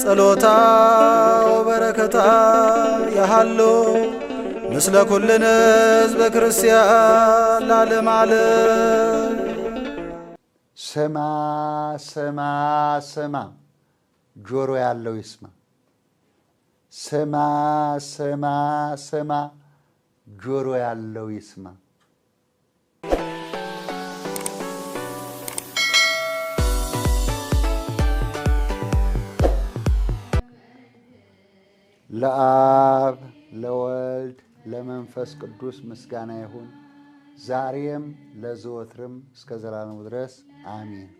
ጸሎታ ወበረከታ ያሃሎ ምስለ ኩልን ህዝበ ክርስቲያን ላለም አለ። ስማ ስማ ስማ፣ ጆሮ ያለው ይስማ። ስማ ስማ ስማ፣ ጆሮ ያለው ይስማ። ለአብ ለወልድ ለመንፈስ ቅዱስ ምስጋና ይሁን፣ ዛሬም ለዘወትርም እስከ ዘላለሙ ድረስ አሚን።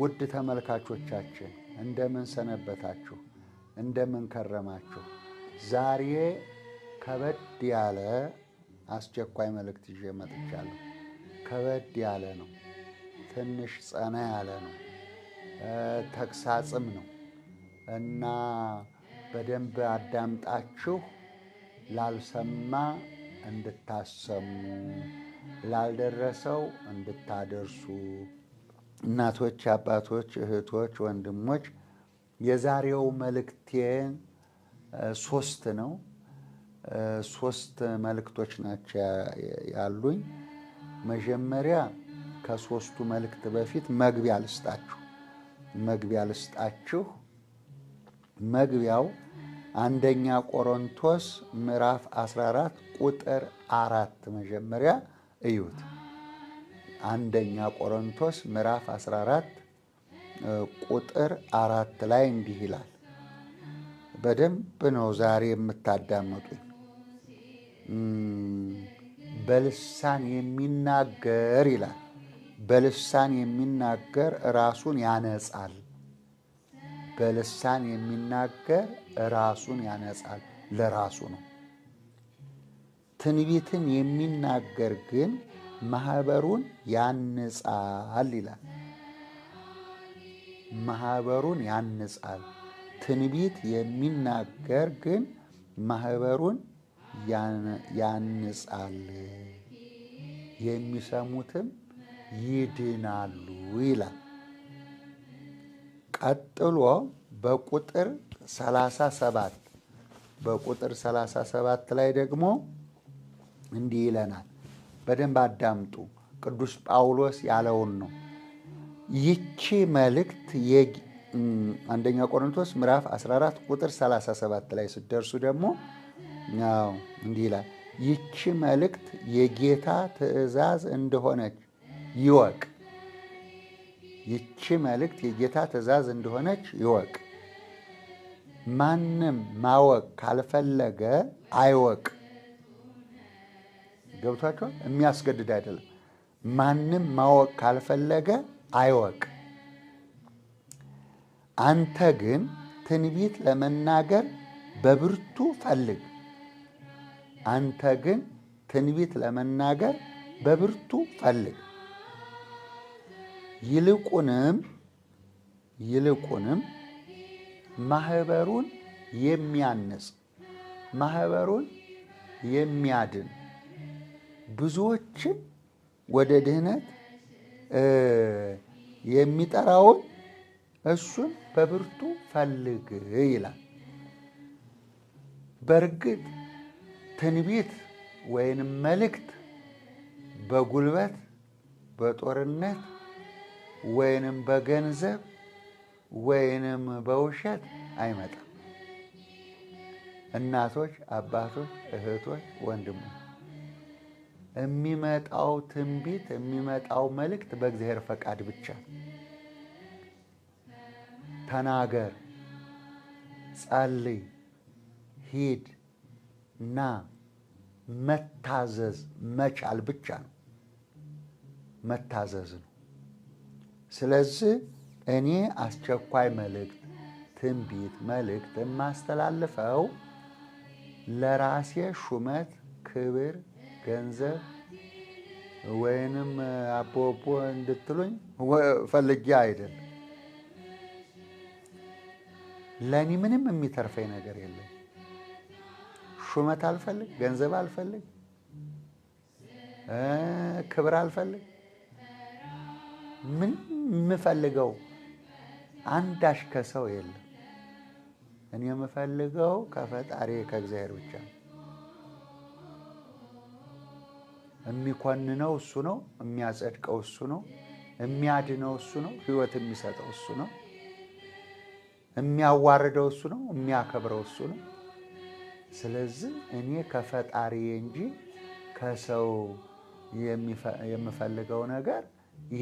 ውድ ተመልካቾቻችን እንደምን ሰነበታችሁ? እንደምን ከረማችሁ? ዛሬ ከበድ ያለ አስቸኳይ መልእክት ይዤ መጥቻለሁ። ከበድ ያለ ነው፣ ትንሽ ጸና ያለ ነው፣ ተግሳጽም ነው እና በደንብ አዳምጣችሁ ላልሰማ እንድታሰሙ ላልደረሰው እንድታደርሱ እናቶች፣ አባቶች፣ እህቶች፣ ወንድሞች የዛሬው መልእክቴ ሶስት ነው። ሶስት መልእክቶች ናቸው ያሉኝ። መጀመሪያ ከሶስቱ መልእክት በፊት መግቢያ ልስጣችሁ መግቢያ ልስጣችሁ መግቢያው አንደኛ ቆሮንቶስ ምዕራፍ 14 ቁጥር አራት መጀመሪያ እዩት። አንደኛ ቆሮንቶስ ምዕራፍ 14 ቁጥር አራት ላይ እንዲህ ይላል። በደንብ ነው ዛሬ የምታዳምጡኝ። በልሳን የሚናገር ይላል። በልሳን የሚናገር ራሱን ያነጻል በልሳን የሚናገር ራሱን ያነጻል፣ ለራሱ ነው። ትንቢትን የሚናገር ግን ማህበሩን ያንጻል ይላል። ማህበሩን ያንጻል። ትንቢት የሚናገር ግን ማህበሩን ያንጻል፣ የሚሰሙትም ይድናሉ ይላል። ቀጥሎ በቁጥር 37 በቁጥር 37 ላይ ደግሞ እንዲህ ይለናል። በደንብ አዳምጡ። ቅዱስ ጳውሎስ ያለውን ነው። ይቺ መልእክት አንደኛ ቆሮንቶስ ምዕራፍ 14 ቁጥር 37 ላይ ስደርሱ ደግሞ እንዲህ ይላል። ይቺ መልእክት የጌታ ትእዛዝ እንደሆነች ይወቅ ይቺ መልእክት የጌታ ትእዛዝ እንደሆነች ይወቅ። ማንም ማወቅ ካልፈለገ አይወቅ። ገብቷቸዋል። የሚያስገድድ አይደለም። ማንም ማወቅ ካልፈለገ አይወቅ። አንተ ግን ትንቢት ለመናገር በብርቱ ፈልግ። አንተ ግን ትንቢት ለመናገር በብርቱ ፈልግ። ይልቁንም ይልቁንም ማህበሩን የሚያነጽ ማህበሩን የሚያድን ብዙዎችን ወደ ድህነት የሚጠራውን እሱን በብርቱ ፈልግ ይላል። በእርግጥ ትንቢት ወይንም መልእክት በጉልበት በጦርነት ወይንም በገንዘብ ወይንም በውሸት አይመጣም። እናቶች፣ አባቶች፣ እህቶች፣ ወንድሞች የሚመጣው ትንቢት የሚመጣው መልእክት በእግዚአብሔር ፈቃድ ብቻ ተናገር፣ ጸልይ፣ ሂድ ና መታዘዝ መቻል ብቻ ነው። መታዘዝ ነው። ስለዚህ እኔ አስቸኳይ መልእክት ትንቢት መልእክት የማስተላልፈው ለራሴ ሹመት፣ ክብር፣ ገንዘብ ወይንም አቦቦ እንድትሉኝ ፈልጌ አይደል። ለእኔ ምንም የሚተርፈኝ ነገር የለም። ሹመት አልፈልግ፣ ገንዘብ አልፈልግ፣ ክብር አልፈልግ ምን የምፈልገው አንዳሽ ከሰው የለም። እኔ የምፈልገው ከፈጣሪ ከእግዚአብሔር ብቻ ነው። የሚኮንነው እሱ ነው። የሚያጸድቀው እሱ ነው። የሚያድነው እሱ ነው። ህይወት የሚሰጠው እሱ ነው። የሚያዋርደው እሱ ነው። የሚያከብረው እሱ ነው። ስለዚህ እኔ ከፈጣሪ እንጂ ከሰው የምፈልገው ነገር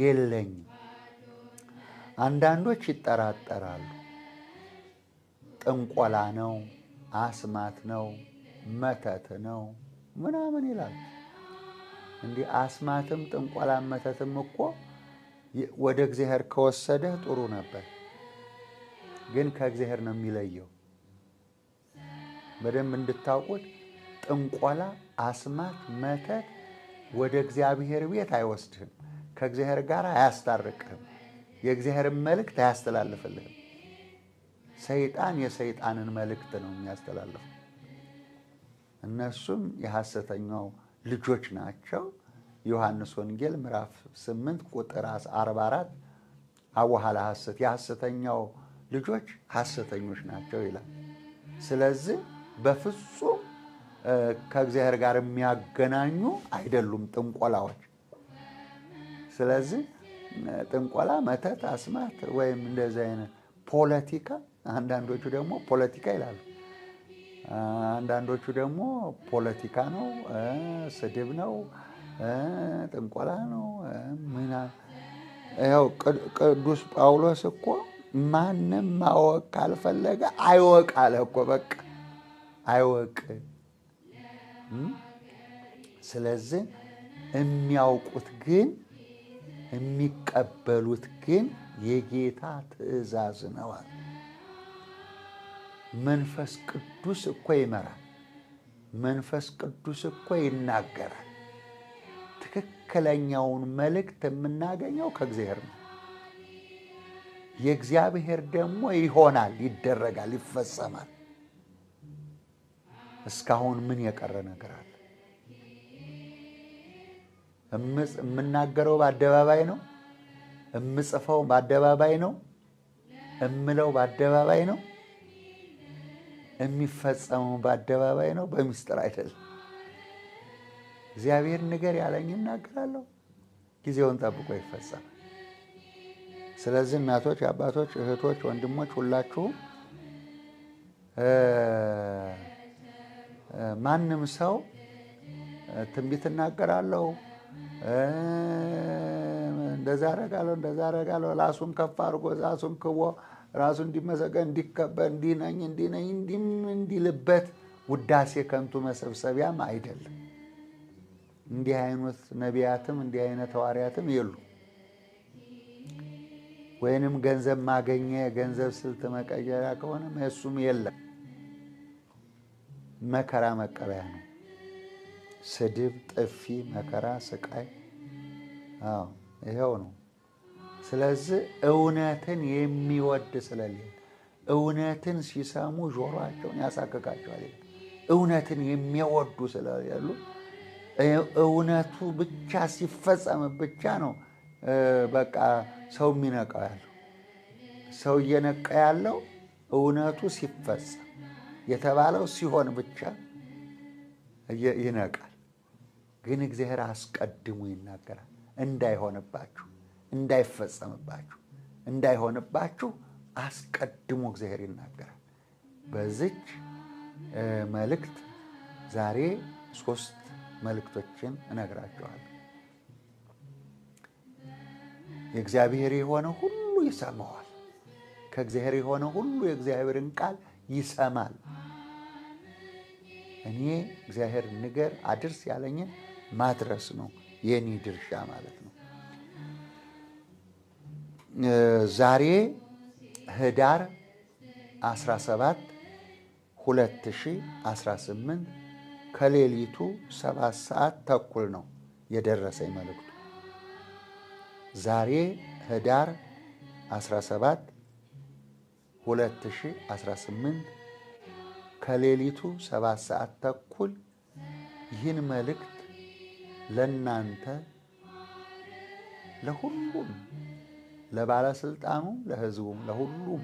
የለኝም። አንዳንዶች ይጠራጠራሉ። ጥንቆላ ነው፣ አስማት ነው፣ መተት ነው ምናምን ይላል እንዲህ አስማትም ጥንቆላ መተትም እኮ ወደ እግዚአብሔር ከወሰደህ ጥሩ ነበር፣ ግን ከእግዚአብሔር ነው የሚለየው። በደንብ እንድታውቁት ጥንቆላ፣ አስማት፣ መተት ወደ እግዚአብሔር ቤት አይወስድህም። ከእግዚአብሔር ጋር አያስታርቅህም። የእግዚአብሔርን መልእክት አያስተላልፍልህም። ሰይጣን የሰይጣንን መልእክት ነው የሚያስተላልፍ። እነሱም የሐሰተኛው ልጆች ናቸው። ዮሐንስ ወንጌል ምዕራፍ 8 ቁጥር 44 አዋሃላ ሐሰት የሐሰተኛው ልጆች ሐሰተኞች ናቸው ይላል። ስለዚህ በፍጹም ከእግዚአብሔር ጋር የሚያገናኙ አይደሉም ጥንቆላዎች ስለዚህ ጥንቆላ፣ መተት፣ አስማት ወይም እንደዚህ አይነት ፖለቲካ፣ አንዳንዶቹ ደግሞ ፖለቲካ ይላሉ። አንዳንዶቹ ደግሞ ፖለቲካ ነው፣ ስድብ ነው፣ ጥንቆላ ነው ምና ያው ቅዱስ ጳውሎስ እኮ ማንም ማወቅ ካልፈለገ አይወቅ አለ እኮ በቃ አይወቅ። ስለዚህ የሚያውቁት ግን የሚቀበሉት ግን የጌታ ትእዛዝ ነው። መንፈስ ቅዱስ እኮ ይመራል። መንፈስ ቅዱስ እኮ ይናገራል። ትክክለኛውን መልእክት የምናገኘው ከእግዚአብሔር ነው። የእግዚአብሔር ደግሞ ይሆናል፣ ይደረጋል፣ ይፈጸማል። እስካሁን ምን የቀረ ነገር አለ? የምናገረው በአደባባይ ነው። የምጽፈው በአደባባይ ነው። እምለው በአደባባይ ነው። የሚፈጸመው በአደባባይ ነው፣ በሚስጥር አይደለም። እግዚአብሔር ንገር ያለኝ እናገራለሁ፣ ጊዜውን ጠብቆ ይፈጸማል። ስለዚህ እናቶች፣ አባቶች፣ እህቶች፣ ወንድሞች ሁላችሁ ማንም ሰው ትንቢት እናገራለሁ እንደዛ አረጋለሁ እንደዛ አረጋለሁ ራሱን ከፍ አድርጎ ራሱን ክቦ ራሱ እንዲመሰገን እንዲከበር እንዲነኝ እንዲነኝ እንዲም እንዲልበት ውዳሴ ከንቱ መሰብሰቢያም አይደለም። እንዲህ አይነት ነቢያትም እንዲህ አይነት ሐዋርያትም የሉ። ወይንም ገንዘብ ማገኘ የገንዘብ ስልት መቀየሪያ ከሆነ እሱም የለም። መከራ መቀበያ ነው። ስድብ፣ ጥፊ፣ መከራ፣ ስቃይ ይኸው ነው። ስለዚህ እውነትን የሚወድ ስለሌለ እውነትን ሲሰሙ ጆሮአቸውን ያሳክካቸዋል። እውነትን የሚወዱ ስለሌሉ እውነቱ ብቻ ሲፈጸም ብቻ ነው በቃ ሰው የሚነቃው ያለው። ሰው እየነቃ ያለው እውነቱ ሲፈጸም የተባለው ሲሆን ብቻ ይነቃል። ግን እግዚአብሔር አስቀድሞ ይናገራል። እንዳይሆንባችሁ፣ እንዳይፈጸምባችሁ፣ እንዳይሆንባችሁ አስቀድሞ እግዚአብሔር ይናገራል። በዚች መልእክት ዛሬ ሶስት መልእክቶችን እነግራቸዋለሁ። የእግዚአብሔር የሆነ ሁሉ ይሰማዋል። ከእግዚአብሔር የሆነ ሁሉ የእግዚአብሔርን ቃል ይሰማል። እኔ እግዚአብሔር ንገር አድርስ ያለኝን ማድረስ ነው የኔ ድርሻ ማለት ነው። ዛሬ ህዳር 17 2018 ከሌሊቱ 7 ሰዓት ተኩል ነው የደረሰኝ መልእክቱ። ዛሬ ህዳር 17 2018 ከሌሊቱ 7 ሰዓት ተኩል ይህን መልእክት ለእናንተ ለሁሉም ለባለስልጣኑ፣ ለህዝቡም፣ ለሁሉም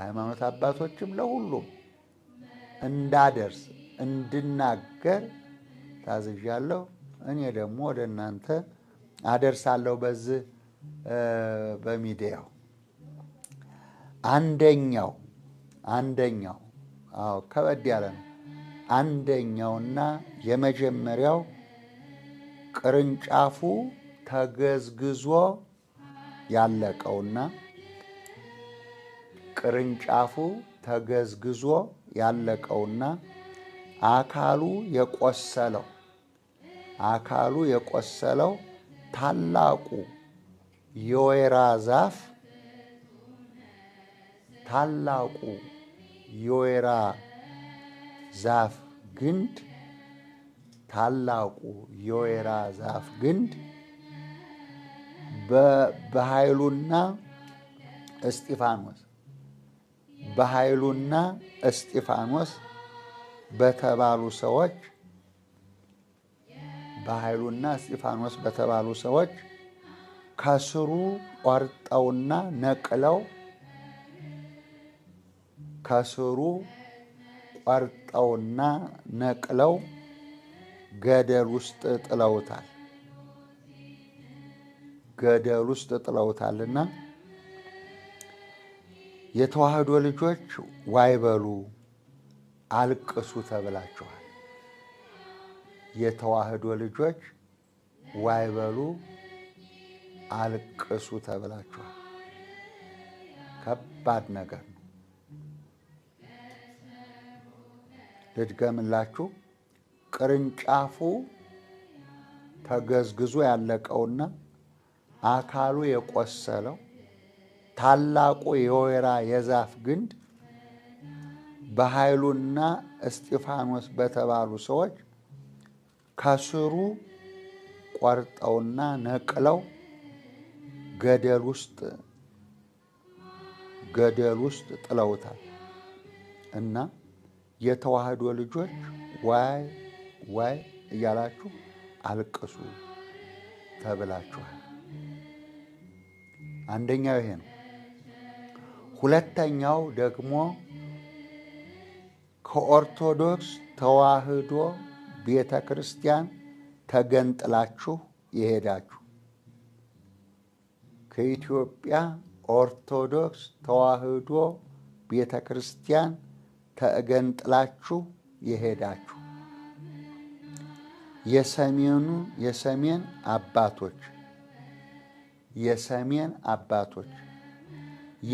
ሃይማኖት አባቶችም ለሁሉም እንዳደርስ እንድናገር ታዝዣለሁ። እኔ ደግሞ ወደ እናንተ አደርሳለሁ። በዚህ በሚዲያው አንደኛው አንደኛው አዎ ከበድ ያለ ነው። አንደኛውና የመጀመሪያው ቅርንጫፉ ተገዝግዞ ያለቀውና ቅርንጫፉ ተገዝግዞ ያለቀውና አካሉ የቆሰለው አካሉ የቆሰለው ታላቁ የወይራ ዛፍ ታላቁ የወይራ ዛፍ ግንድ ታላቁ የወይራ ዛፍ ግንድ በኃይሉና እስጢፋኖስ በኃይሉና እስጢፋኖስ በተባሉ ሰዎች በኃይሉና እስጢፋኖስ በተባሉ ሰዎች ከስሩ ቆርጠውና ነቅለው ከስሩ ቆርጠውና ነቅለው ገደል ውስጥ ጥለውታል። ገደል ውስጥ ጥለውታልና የተዋህዶ ልጆች ዋይበሉ አልቅሱ ተብላችኋል። የተዋህዶ ልጆች ዋይበሉ አልቅሱ ተብላችኋል። ከባድ ነገር ነው። ልድገምላችሁ። ቅርንጫፉ ተገዝግዞ ያለቀውና አካሉ የቆሰለው ታላቁ የወይራ የዛፍ ግንድ በኃይሉና እስጢፋኖስ በተባሉ ሰዎች ከስሩ ቆርጠውና ነቅለው ገደል ውስጥ ገደል ውስጥ ጥለውታል እና የተዋህዶ ልጆች ዋይ ዋይ እያላችሁ አልቅሱ ተብላችኋል። አንደኛው ይሄ ነው። ሁለተኛው ደግሞ ከኦርቶዶክስ ተዋህዶ ቤተ ክርስቲያን ተገንጥላችሁ የሄዳችሁ ከኢትዮጵያ ኦርቶዶክስ ተዋህዶ ቤተ ክርስቲያን ተገንጥላችሁ የሄዳችሁ የሰሜኑ የሰሜን አባቶች የሰሜን አባቶች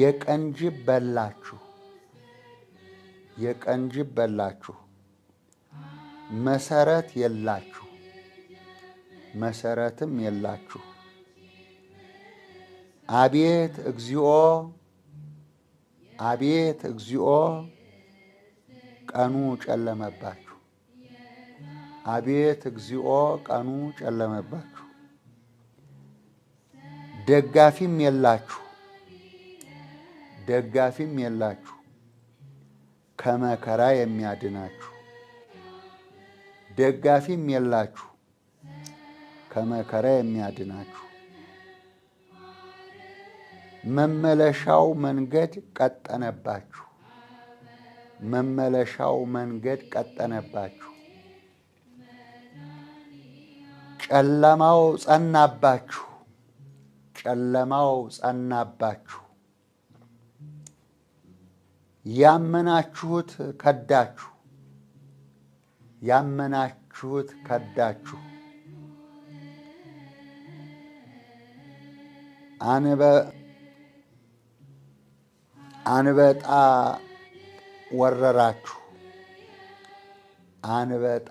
የቀንጅብ በላችሁ የቀንጅብ በላችሁ መሰረት የላችሁ መሰረትም የላችሁ አቤት እግዚኦ አቤት እግዚኦ ቀኑ ጨለመባችሁ። አቤት እግዚኦ ቀኑ ጨለመባችሁ፣ ደጋፊም የላችሁ ደጋፊም የላችሁ ከመከራ የሚያድናችሁ ደጋፊም የላችሁ ከመከራ የሚያድናችሁ መመለሻው መንገድ ቀጠነባችሁ መመለሻው መንገድ ቀጠነባችሁ፣ ጨለማው ጸናባችሁ፣ ጨለማው ጸናባችሁ፣ ያመናችሁት ከዳችሁ፣ ያመናችሁት ከዳችሁ። አንበጣ ወረራችሁ፣ አንበጣ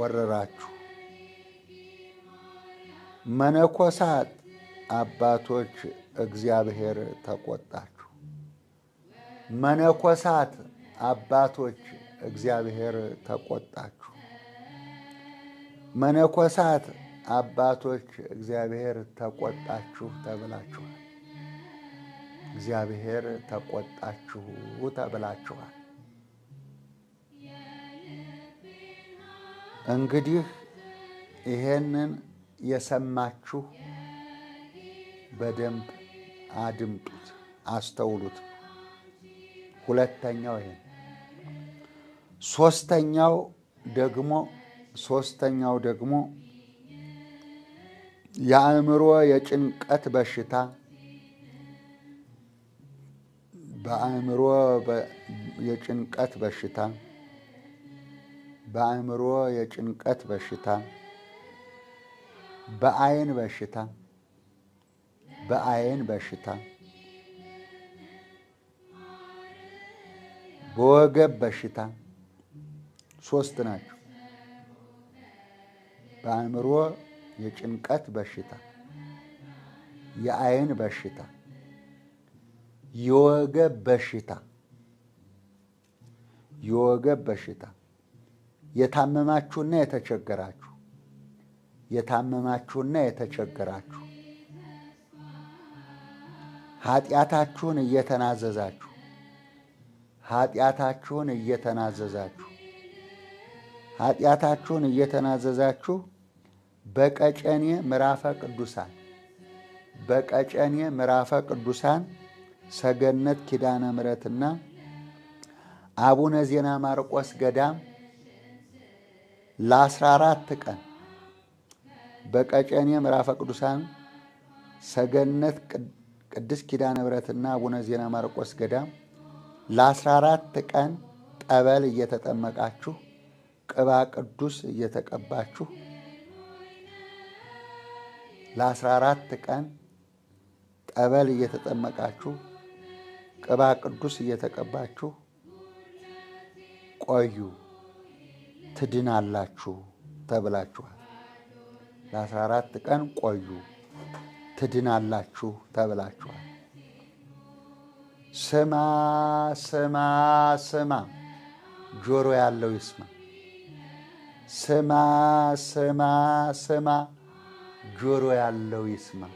ወረራችሁ። መነኮሳት አባቶች እግዚአብሔር ተቆጣችሁ። መነኮሳት አባቶች እግዚአብሔር ተቆጣችሁ። መነኮሳት አባቶች እግዚአብሔር ተቆጣችሁ ተብላችኋል። እግዚአብሔር ተቆጣችሁ ተብላችኋል። እንግዲህ ይሄንን የሰማችሁ በደንብ አድምጡት፣ አስተውሉት። ሁለተኛው ይሄን፣ ሶስተኛው ደግሞ ሶስተኛው ደግሞ የአእምሮ የጭንቀት በሽታ በአእምሮ የጭንቀት በሽታ በአእምሮ የጭንቀት በሽታ በአይን በሽታ በአይን በሽታ በወገብ በሽታ ሶስት ናቸው። በአእምሮ የጭንቀት በሽታ የአይን በሽታ የወገብ በሽታ የወገብ በሽታ የታመማችሁና የተቸገራችሁ የታመማችሁና የተቸገራችሁ ኃጢአታችሁን እየተናዘዛችሁ ኃጢአታችሁን እየተናዘዛችሁ ኃጢአታችሁን እየተናዘዛችሁ በቀጨኔ ምዕራፈ ቅዱሳን በቀጨኔ ምዕራፈ ቅዱሳን ሰገነት ኪዳነ ምሕረትና አቡነ ዜና ማርቆስ ገዳም ለ14 ቀን በቀጨኔ ምዕራፈ ቅዱሳን ሰገነት ቅድስት ኪዳነ ምሕረትና አቡነ ዜና ማርቆስ ገዳም ለ14 ቀን ጠበል እየተጠመቃችሁ ቅባ ቅዱስ እየተቀባችሁ ለ14 ቀን ጠበል እየተጠመቃችሁ ቅባ ቅዱስ እየተቀባችሁ ቆዩ ትድናላችሁ ተብላችኋል። ለአስራ አራት ቀን ቆዩ ትድናላችሁ ተብላችኋል። ስማ ስማ ስማ፣ ጆሮ ያለው ይስማ። ስማ ስማ ስማ፣ ጆሮ ያለው ይስማ።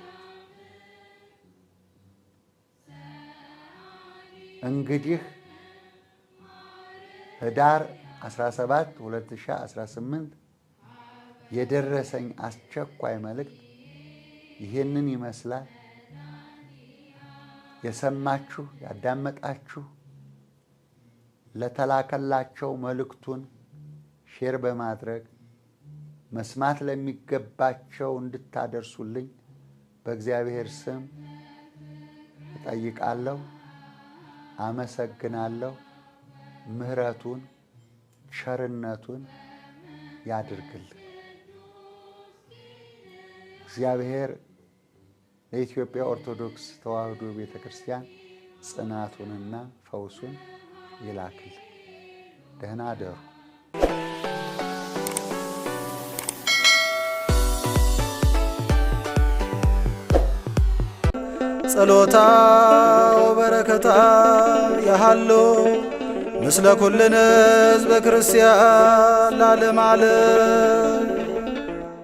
እንግዲህ ህዳር 17 2018 የደረሰኝ አስቸኳይ መልእክት ይህንን ይመስላል። የሰማችሁ ያዳመጣችሁ ለተላከላቸው መልእክቱን ሼር በማድረግ መስማት ለሚገባቸው እንድታደርሱልኝ በእግዚአብሔር ስም እጠይቃለሁ። አመሰግናለሁ። ምሕረቱን ቸርነቱን ያድርግል። እግዚአብሔር ለኢትዮጵያ ኦርቶዶክስ ተዋሕዶ ቤተ ክርስቲያን ጽናቱንና ፈውሱን ይላክል። ደህና አደሩ። ጸሎታ ወበረከታ ያሃሎ ምስለ ኩልነ ህዝበ ክርስቲያን ላለም ዓለም